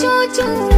cho chúng